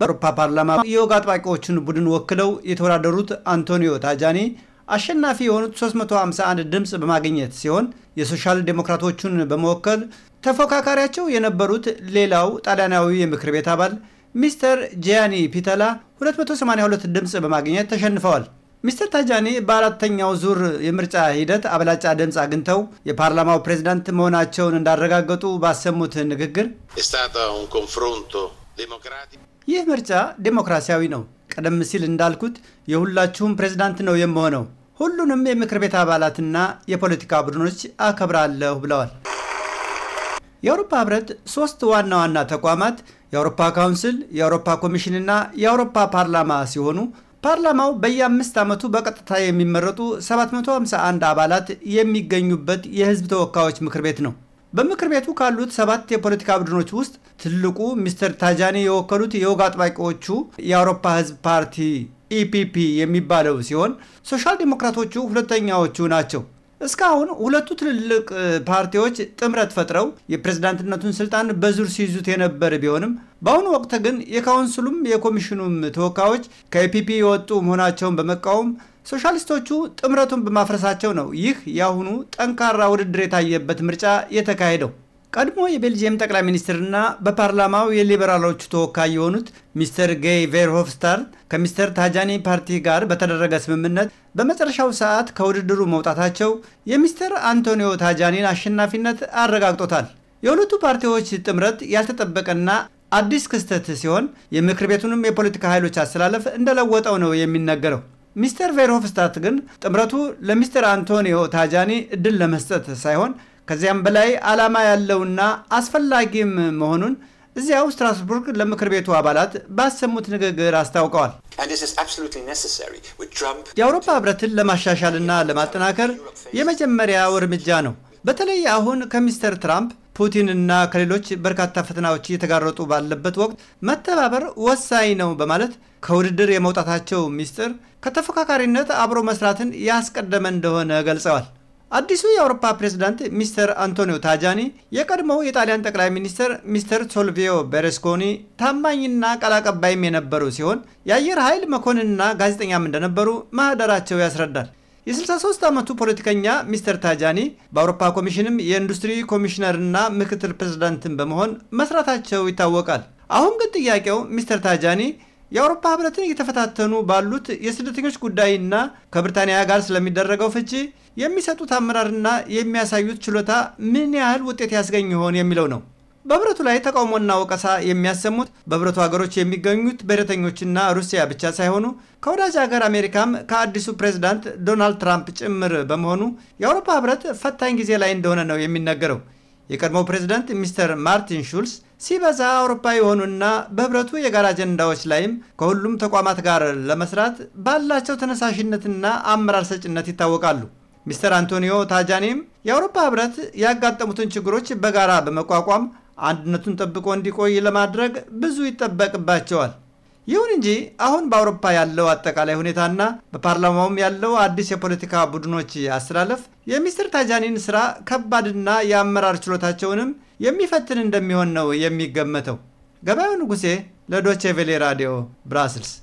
በአውሮፓ ፓርላማ የወግ አጥባቂዎችን ቡድን ወክለው የተወዳደሩት አንቶኒዮ ታጃኒ አሸናፊ የሆኑት 351 ድምፅ በማግኘት ሲሆን የሶሻል ዴሞክራቶቹን በመወከል ተፎካካሪያቸው የነበሩት ሌላው ጣሊያናዊ የምክር ቤት አባል ሚስተር ጂያኒ ፒተላ 282 ድምፅ በማግኘት ተሸንፈዋል። ሚስተር ታጃኒ በአራተኛው ዙር የምርጫ ሂደት አብላጫ ድምፅ አግኝተው የፓርላማው ፕሬዚዳንት መሆናቸውን እንዳረጋገጡ ባሰሙት ንግግር ይህ ምርጫ ዴሞክራሲያዊ ነው። ቀደም ሲል እንዳልኩት የሁላችሁም ፕሬዝዳንት ነው የምሆነው፣ ሁሉንም የምክር ቤት አባላትና የፖለቲካ ቡድኖች አከብራለሁ ብለዋል። የአውሮፓ ህብረት ሶስት ዋና ዋና ተቋማት የአውሮፓ ካውንስል፣ የአውሮፓ ኮሚሽንና የአውሮፓ ፓርላማ ሲሆኑ ፓርላማው በየአምስት ዓመቱ በቀጥታ የሚመረጡ 751 አባላት የሚገኙበት የህዝብ ተወካዮች ምክር ቤት ነው። በምክር ቤቱ ካሉት ሰባት የፖለቲካ ቡድኖች ውስጥ ትልቁ ሚስተር ታጃኒ የወከሉት የወግ አጥባቂዎቹ የአውሮፓ ህዝብ ፓርቲ ኢፒፒ የሚባለው ሲሆን ሶሻል ዲሞክራቶቹ ሁለተኛዎቹ ናቸው። እስካሁን ሁለቱ ትልልቅ ፓርቲዎች ጥምረት ፈጥረው የፕሬዝዳንትነቱን ስልጣን በዙር ሲይዙት የነበር ቢሆንም በአሁኑ ወቅት ግን የካውንስሉም የኮሚሽኑም ተወካዮች ከኢፒፒ የወጡ መሆናቸውን በመቃወም ሶሻሊስቶቹ ጥምረቱን በማፍረሳቸው ነው ይህ የአሁኑ ጠንካራ ውድድር የታየበት ምርጫ የተካሄደው። ቀድሞ የቤልጅየም ጠቅላይ ሚኒስትርና በፓርላማው የሊበራሎቹ ተወካይ የሆኑት ሚስተር ጌይ ቬርሆፍስታር ከሚስተር ታጃኒ ፓርቲ ጋር በተደረገ ስምምነት በመጨረሻው ሰዓት ከውድድሩ መውጣታቸው የሚስተር አንቶኒዮ ታጃኒን አሸናፊነት አረጋግጦታል። የሁለቱ ፓርቲዎች ጥምረት ያልተጠበቀና አዲስ ክስተት ሲሆን የምክር ቤቱንም የፖለቲካ ኃይሎች አስተላለፍ እንደለወጠው ነው የሚነገረው። ሚስተር ቬርሆፍስታት ግን ጥምረቱ ለሚስተር አንቶኒዮ ታጃኒ እድል ለመስጠት ሳይሆን ከዚያም በላይ ዓላማ ያለውና አስፈላጊም መሆኑን እዚያው ስትራስቡርግ ለምክር ቤቱ አባላት ባሰሙት ንግግር አስታውቀዋል። የአውሮፓ ህብረትን ለማሻሻልና ለማጠናከር የመጀመሪያው እርምጃ ነው። በተለይ አሁን ከሚስተር ትራምፕ ፑቲንና ከሌሎች በርካታ ፈተናዎች እየተጋረጡ ባለበት ወቅት መተባበር ወሳኝ ነው በማለት ከውድድር የመውጣታቸው ምስጢር ከተፎካካሪነት አብሮ መስራትን ያስቀደመ እንደሆነ ገልጸዋል። አዲሱ የአውሮፓ ፕሬዝዳንት ሚስተር አንቶኒዮ ታጃኒ የቀድሞው የጣሊያን ጠቅላይ ሚኒስትር ሚስተር ሶልቪዮ ቤሬስኮኒ ታማኝና ቃል አቀባይም የነበሩ ሲሆን የአየር ኃይል መኮንንና ጋዜጠኛም እንደነበሩ ማህደራቸው ያስረዳል። የ63 ዓመቱ ፖለቲከኛ ሚስተር ታጃኒ በአውሮፓ ኮሚሽንም የኢንዱስትሪ ኮሚሽነርና ምክትል ፕሬዝዳንትን በመሆን መስራታቸው ይታወቃል። አሁን ግን ጥያቄው ሚስተር ታጃኒ የአውሮፓ ህብረትን እየተፈታተኑ ባሉት የስደተኞች ጉዳይና ከብሪታንያ ጋር ስለሚደረገው ፍቺ የሚሰጡት አመራርና የሚያሳዩት ችሎታ ምን ያህል ውጤት ያስገኝ ይሆን የሚለው ነው። በህብረቱ ላይ ተቃውሞና ወቀሳ የሚያሰሙት በህብረቱ ሀገሮች የሚገኙት ብሔረተኞችና ሩሲያ ብቻ ሳይሆኑ ከወዳጅ ሀገር አሜሪካም ከአዲሱ ፕሬዝዳንት ዶናልድ ትራምፕ ጭምር በመሆኑ የአውሮፓ ህብረት ፈታኝ ጊዜ ላይ እንደሆነ ነው የሚነገረው። የቀድሞው ፕሬዝዳንት ሚስተር ማርቲን ሹልስ ሲበዛ አውሮፓ የሆኑና በህብረቱ የጋራ አጀንዳዎች ላይም ከሁሉም ተቋማት ጋር ለመስራት ባላቸው ተነሳሽነትና አመራር ሰጭነት ይታወቃሉ። ሚስተር አንቶኒዮ ታጃኒም የአውሮፓ ህብረት ያጋጠሙትን ችግሮች በጋራ በመቋቋም አንድነቱን ጠብቆ እንዲቆይ ለማድረግ ብዙ ይጠበቅባቸዋል። ይሁን እንጂ አሁን በአውሮፓ ያለው አጠቃላይ ሁኔታና በፓርላማውም ያለው አዲስ የፖለቲካ ቡድኖች አስተላለፍ የሚስትር ታጃኒን ስራ ከባድና የአመራር ችሎታቸውንም የሚፈትን እንደሚሆን ነው የሚገመተው። ገበያው ንጉሴ ለዶቼ ቬሌ ራዲዮ ብራስልስ